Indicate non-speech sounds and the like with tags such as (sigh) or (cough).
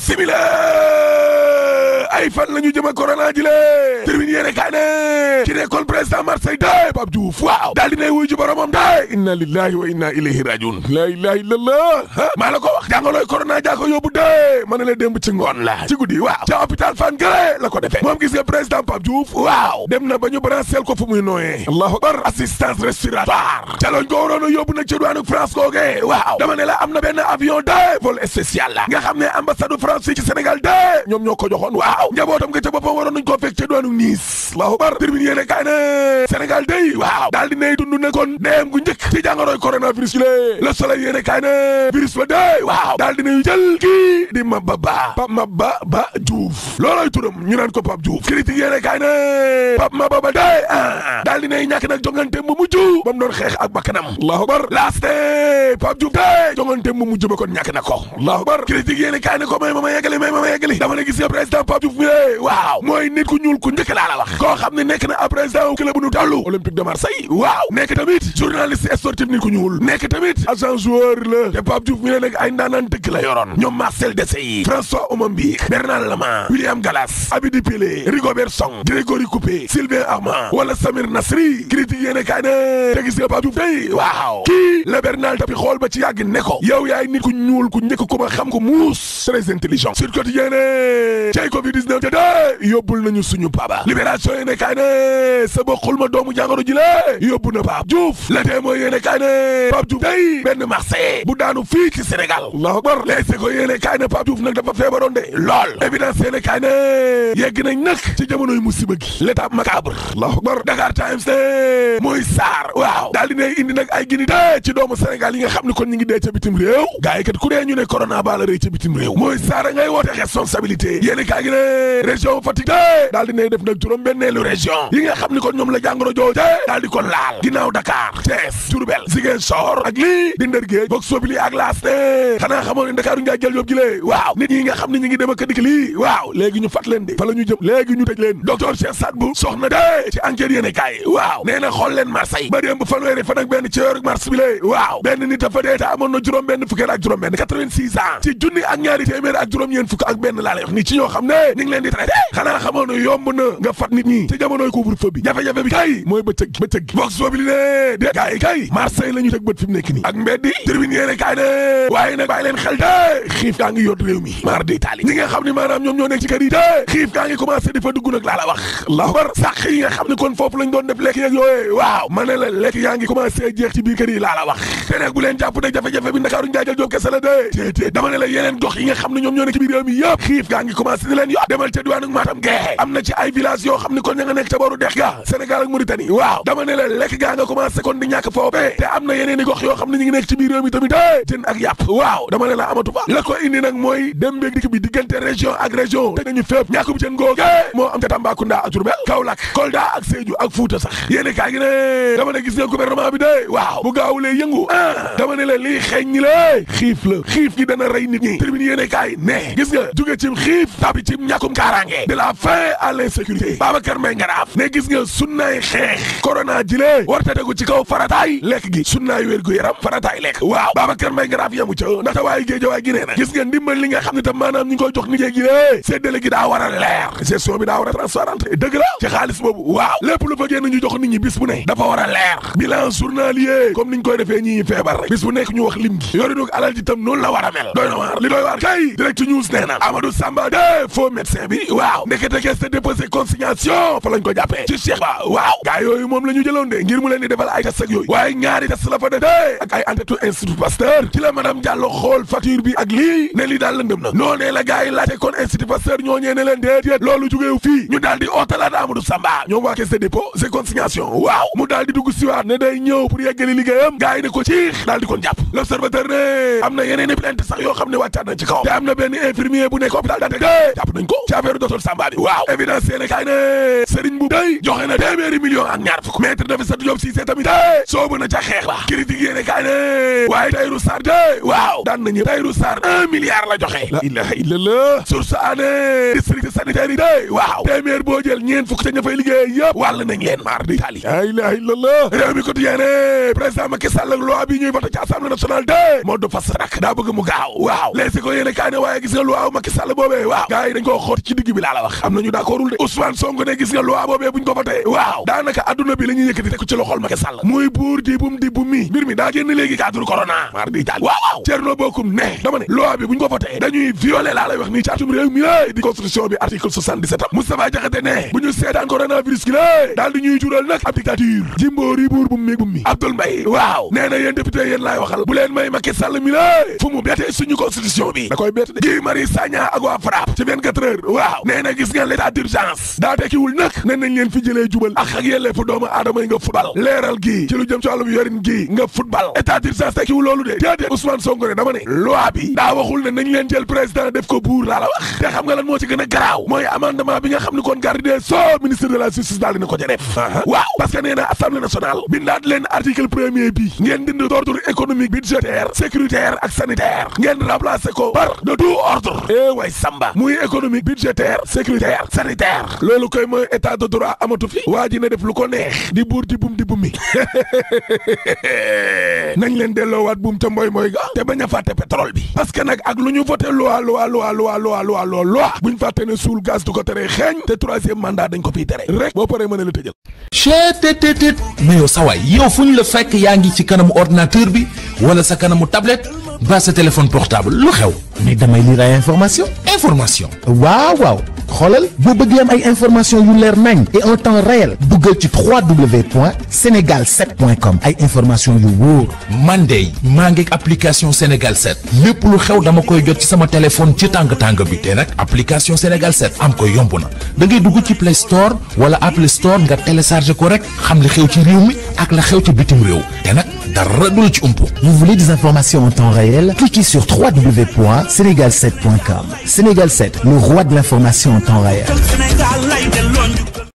simila ay fan la ñu a corona ji le termine yéene kaa ne ci nekkoon président Marseille day Pape Diouf waaw daal dinay wuy ji boromam day inna lillahi wa inna ilayhi rajiun la ilaha illallah maa la ko wax jàngaloy corona jaa ko yóbbu dee mën na la démb ci ngoon la ci guddi waaw ca hôpital fan gële la ko defee moom gis nga président Pape Diouf dem na ba ñu brancheel ko fu muy nooyee allahu akbar assistance respiratoire ca lañ a yóbbu nag ci France googe waaw dama ne la am na benn avion day vol spécial la nga xam ne ambassade France ci Sénégal day ñoom ñoo ko joxoon waaw njabootam nga ca boppam waroon nañu koo fekk ca doonu Niis Allahu akbar termine yéene kaay ne Sénégal day waaw daal di nay dund nekkoon neem gu njëkk ci jàngoroy coronavirus gi le soleil yéene kaay ne virus ba day waaw daal di nay jël kii di Maba Ba Pape Maba Ba Diouf loolooy turam ñu naan ko Pape Diouf critique yéene kaay ne Pape Maba Ba day ah, ah daal di nay ñàkk nag jongante mu mujj ba mu doon xeex a bakkanam Allahu akbar laaste Pape Diouf day jongante mu mujj ba kon ñàkk na ko Allahu akbar bi lée eh, waaw mooy nit ku ñuul ku njëkk laa la wax koo xam ne nekk na a président wu club bu nu tàllu olympique de marseille waaw nekk tamit journaliste sportif nit ku ñuul nekk tamit agent joueur la te Pape Diouf mi ne nag ay ndaanaan dëgg la yoroon ñoom Marcel Desailly François Omambik Bernard Lama William Gallas Abidi Pelé Rigobert Song Grégory Coupé Sylvain Armand wala Samir Nasri critique yéene kaay ne te gis nga Pape tey waaw kii la Bernard tapi xool ba ci covid-19 te de yóbbul nañu suñu paba libération yéene kaay ne sa ba xul ma doomu jàngoro ji la yóbbu na Pape Diouf la tee mooy yéene kaay ne Pape Diouf day bu daanu fii ci Sénégal allahu akbar leese ko yéene kaay ne Pape Diouf nag dafa feebaroon de lool évidence yéene kaay ne yegg nañ nag ci jamonoy musiba gi l'état macabre allahu akbar Dakar Times ne mooy Sarr waaw daal di ne indi nag ay gini de ci doomu Sénégal yi nga xam ne kon ñu ngi de ca bitim réew gars yi kat ku dee ñu ne corona baa la rëy bitim réew mooy Sarr ngay woote responsabilité yéene kaay gi ne région Fatick de daal di nay def nag juróom benneelu région yi nga xam ni kon ñoom la jàngoro jooje daal di ko laal ginnaaw Dakar Thiès Diourbel Ziguinchor ak lii di ndër géej bok sobili ak laas ne xanaa xamoon ne Dakar njaay jël yóbbu gi waaw nit ñi nga xam ne ñi ngi dem ak dikk lii waaw léegi ñu fat leen di fa ñu jëm léegi ñu tëj leen docteur Cheikh Sadbou soxna de ci enquête yéene kaay waaw nee na xool leen Marseille ba démb fan ak benn benn nit ni ngi leen di traité la ñu teg bët fi mu nekk nii ak mbeddi tribune de xiif gaa ngi yóot réew mi mar taali ñi xam ne maanaam ñoom ñoo nekk ci kër de xiif gaa ngi commencé di fa dugg nag laa la wax te nag bu leen jàpp nag jafe-jafe bi ndakaaruñ jaajël job kese la dee dama ne la yeneen gox yi nga xam ne ñoom ñoo nekk ci biir réew mi yëpp xiif gaa ngi commencé di leen yot demal ca diwaanu Matam gee am na ci ay village yoo xam ni kon ña nekk ca booru dex ga Sénégal ak Mauritanie waaw dama ne la lekk gaa nga commencé kon di ñàkk foofee te am na yeneen gox yoo xam ne ñu nekk ci biir réew mi tamit jën ak yàpp waaw dama la amatu fa la ko indi nag mooy dem beeg dikk bi diggante région ak région te nañu fépp ñàkkum jën googe moo am ca Tambacounda ak Diourbel Kaolack Kolda ak Sédhiou ak Fouta sax yéeni gi ne ñàkkum kaaraange de la faim à l'insécurité Babacar Mbaye Ngaraaf ne gis nga sunnaay xeex corona jile warta tegu ci kaw farataay lekk gi sunnaay wér gu yaram farataay lekk waaw Babacar Mbaye Ngaraaf yamu ca ndaxte waaye gi nee na gis nga ndimbal li nga xam ne tam maanaam ñu koy jox ni géej gi lée séddale gi daa war a leer gestion bi daa war a dëgg la ci xaalis boobu waaw lépp lu fa génn jox nit ñi bis bu ne dafa war a leer bilan journalier comme niñ koy defee ñi feebar la a médecin bi waaw ndekete caisse de dépôt et fa lañ ko jàppee ci Cheikh Ba waaw gaa yooyu moom la jëloon de ngir mu leen defal ay test yooyu waaye ñaari test la fa def ak ay enquête institut Pasteur ci la madame Diallo xool facture bi ak lii ne lii daal lëndëm na noonee la gaa yi laajte kon institut Pasteur ñoo ñee ne leen déedéet loolu jógeewu fii ñu daal di ootalaat Amadou Samba ñoom waa caisse de dépôt et waaw mu daal di dugg siwaat ne day waaw ci affaire docteur Samba bi waaw évidence yéene kaay ne Serigne Mboup day joxe na téeméeri million ak ñaar fukk maître Nafissatou Diop Cissé tamit de soobu na ca xeex ba critique yéene kaay waaye Tahirou Sarr de waaw daan nañu Tahirou Sarr un milliard la joxe la ilaha illallah source année district sanitaire yi day waaw téeméer boo jël ñeen fukk ca ña fay liggéey yëpp wàll nañ leen maar di tali la ilaha illallah réew mi ko yéene kaay ne waaye gis nga loi Macky yi dañ d'accord ci digg bi laa la wax bi bu mi ko votee dañuy violer laa lay wax nii caatum réew mi di constitution bi article 77 am Moustapha Diakhaté ne bu ñu seetaan coronavirus gi la daal di ñuy jural nag ab dictature jimboori buur bum mi bum mi Abdoul Mbaye waaw nee na yéen député yéen laay waxal bu leen may Macky Sall mi fu mu bettee suñu constitution bi da koy bett de Guy Marius Sagna ak ci 24 heures procureur waaw nee gis ngeen l'état d'urgence daa tekkiwul nag ne leen fi jëlee jubal ak ak yellee fu doomu aadama yi nga football leeral gii ci lu jëm ci wàllum yorin gii nga football état d'urgence tekkiwul loolu de déedéet Ousmane Sonko ne dama ne loi bi daa waxul ne nañ leen jël président def ko buur laa la wax te xam nga lan moo ci gën a garaaw mooy amendement bi nga xam ni kon garde des sceaux ministre de la justice daal ko ca def uh-huh. waaw parce que nee politique budgétaire sécuritaire sanitaire loolu koy mooy état de droit amatu fi waa ji na def lu ko neex di buur di bum di bumi (laughs) nañ leen delloowaat buum ca mboy mooy ga te bañ a fàtte pétrole bi parce que nag ak lu ñu voté loi loi loi loi loi loi loi loi buñ fàtte ne suul gaz du ko tere xeeñ te troisième mandat dañ ko fiy tere rek boo paree mën a la tëjal chetttt mais yow sawaay yow fu ñu la fekk yaa ngi ci kanamu ordinateur bi wala sa kanamu tablette ba sa téléphone portable lu xew mais information waaw xoolal boo bëggee am ay information yu leer nañ et en temps réel duggal ci www.senegal7.com ay information yu wóor man de maa ngi application Sénégal 7 lépp lu xew dama koy jot ci sama téléphone ci tàng tàng bi te nag application Sénégal 7 am ko yomb na da ngay dugg ci Play Store wala Apple Store nga télécharge ko rek xam li xew ci réew mi ak la xew ci bitim réew te nag dara du la ci ump. Vous voulez des informations en temps réel? Cliquez sur www.senegal7.com en temps réel.